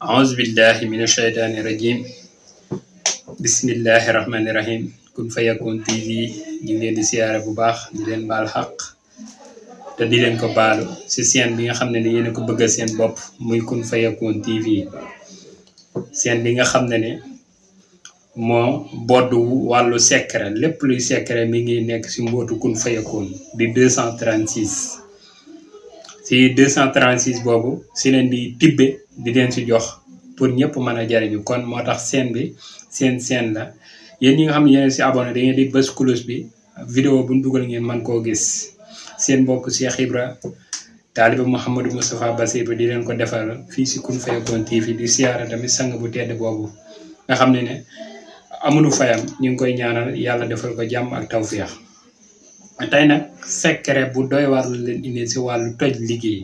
aus billahi min asheytaani rajim bismillahi rahmaani rahim kun fayakun tv ñu di siyaare bu baax di leen baal xaq te di leen ko baalu si seen bi nga xam ne ni yéen a ko bëgg seen bopp muy kun fayakun tv seen bi nga xam ne ne moo bodd wàllu secret lépp luy secret mi ngi nekk ci mbootu kun fayakun di 236 si 236 boobu si leen bi tibbe di leen si jox pour ñëpp mën a jariñu kon moo tax seen bi seen seen la yéen ñi nga xam ne yéen si abonné da ngeen di bës cloche bi vidéo bu ñu dugal ngeen man koo gis seen mbokk Cheikh Ibra taaliba Mouhamadou Moustapha Bassir bi di leen ko defal fii si Kun Fayakoun TV di siyaara tamit sang bu tedd boobu nga xam ne ne amunu fayam ñu ngi koy ñaanal yàlla defal ko jàmm ak tawféex tey nag secret bu doy war la leen indi si wàllu toj liggéey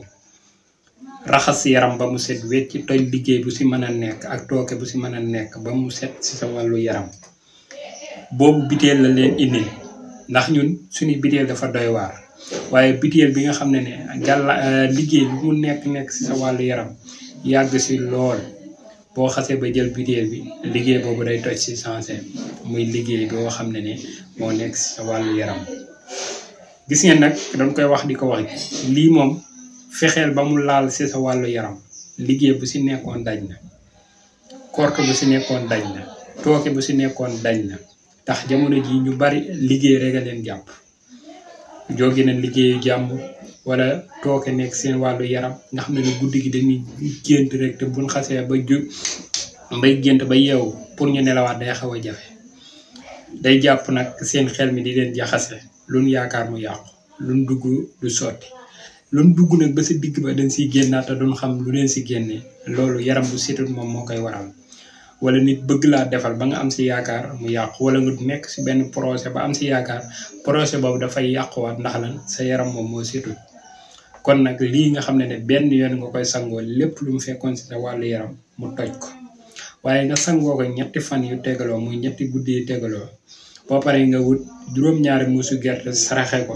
raxas yaram ba mu set wecc toj liggéey bu si mën a nekk ak tooke bu si mën a nekk ba mu set si sa wàllu yaram boobu biteel la leen indi ndax ñun suñu biteel dafa doy waar waaye biteel bi nga xam ne ne gàlla euh, liggéey bi mu nekk nekk si sa wàllu yaram yàgg si lool boo xasee ba jël biteel bi liggéey boobu day toj ci sensé muy liggéey boo xam ne ne moo nekk ci sa wàllu yaram gis ngeen nag dañ koy wax di ko wax lii moom fexeel ba mu laal si sa wàllu yaram liggéey bu ci nekkoon daj na kort bu si nekkoon daj na tooke bu ci nekkoon daj na tax jamono ji ñu bari liggéey rek a leen jàpp jóge na liggéeyu jàmm wala tooke nekk seen wàllu yaram nga xam ne ne guddi gi dañuy gént rek te buñ xasee ba ju bay gént ba yeewu pour ñu nelawaat day xaw a jafe day jàpp nag seen xel mi di leen jaxase lu nu yaakaar mu yàqu lu nu dugg du sotti lu nu dugg nag ba si digg ba dañ siy génnaat te duñ xam lu leen si génnee loolu yaram bu setut moom moo koy waral wala nit bëgg laa defal ba nga am si yaakaar mu yàqu wala nga nekk si benn projet ba am si yaakaar projet boobu dafay yàquwaat ndax lan sa yaram moom moo setut kon nag lii nga xam ne ne benn yoon nga koy sangoo lépp lu mu fekkoon si sa wàllu yaram mu toj ko waaye nga sangoo ko ñetti fan yu tegaloo muy ñetti guddi tegaloo boo paree nga wut juróom-ñaari muusu gerte saraxe ko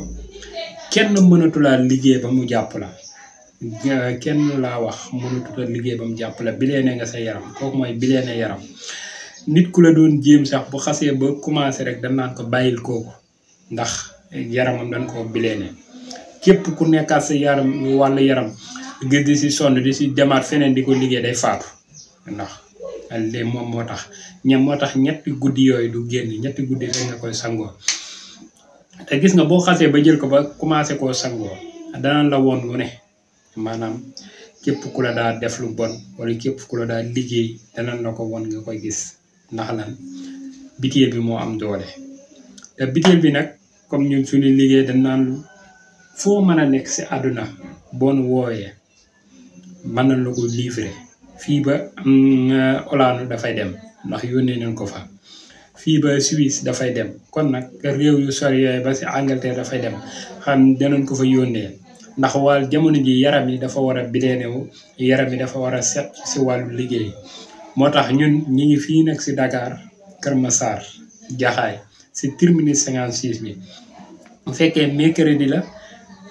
kenn mënatu liggéey ba mu jàpp la kenn laa wax mënatu liggéey ba mu jàpp la bileene nga sa yaram kooku mooy bileene yaram nit ku la doon jéem sax bu xasee ba commencé rek dañ naan ko bàyyil kooku ndax yaramam dañ koo bileene képp ku nekkaat sa yaram wàllu yaram gis di si sonn di si demaat feneen di ko liggéey day faatu ndax le moom moo tax ña moo tax ñetti guddi yooyu du génn ñetti guddi rek nga koy sangoo te gis nga boo xasee ba jël ko ba commencé koo sangoo dana la woon lu ne maanaam képp ku la daal def lu bon wala képp ku la daa liggéey danañ na ko woon nga koy gis ndax lan bitéel bi moo am doole te bitéel bi nag comme ñun suñu liggéey dañ naan foo mën a nekk si àdduna boo nu wooyee mën na la ko livrer fii ba mm, Hollande eh, dafay dem ndax yónnee nañ ko fa fii ba Suisse dafay dem kon nag réew yu sori yooyu ba si Angleterre dafay dem xam danañ ko fa yónnee ndax wàll jamono ji yaram yi dafa war a bideenewu yaram yi dafa war a set si wàllu liggéey moo tax ñun ñi ngi fii nag si Dakar Kër Massar Jaxaay si terminus 56 bi bu fekkee mercredi la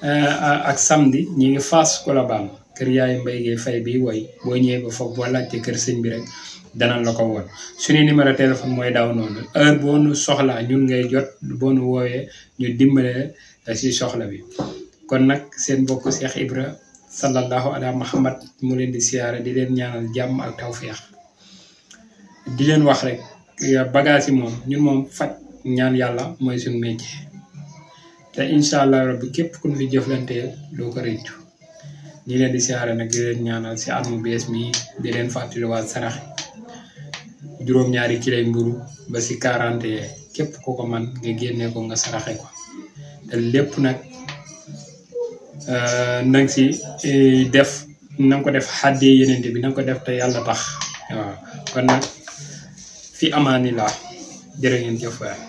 eh, ak samedi ñi ngi fas Fass Colobane kër yaay Mbaye Gueye Faye bi woy boo ñëwee ba foofu boo laajte kër sëñ bi rek danañ la ko woon suñu numéro téléphone mooy daw noonu heure boo nu soxlaa ñun ngay jot boo nu woowee ñu dimbale si soxla bi kon nag seen bokk Cheikh Ibra sallallahu ala Muhammad mu leen di siyaare di leen ñaanal jàmm ak tawféex di leen wax rek bagage yi moom ñun moom faj ñaan yàlla mooy suñu métier te incha allah rabbi képp ku fi jëflanteel doo ko rëccu ñi leen di siyaare nag di ñaanal si at mu bees mi di leen fàttaliwaat sarax juróom-ñaari kilay mburu ba si quarante képp ku ko man nga génne ko nga saraxe ko te lépp nag euh, nang si def na ko def xàddee yenente bi na ko def te yàlla tax waaw kon nag fi amaani laa ngeen jëf waay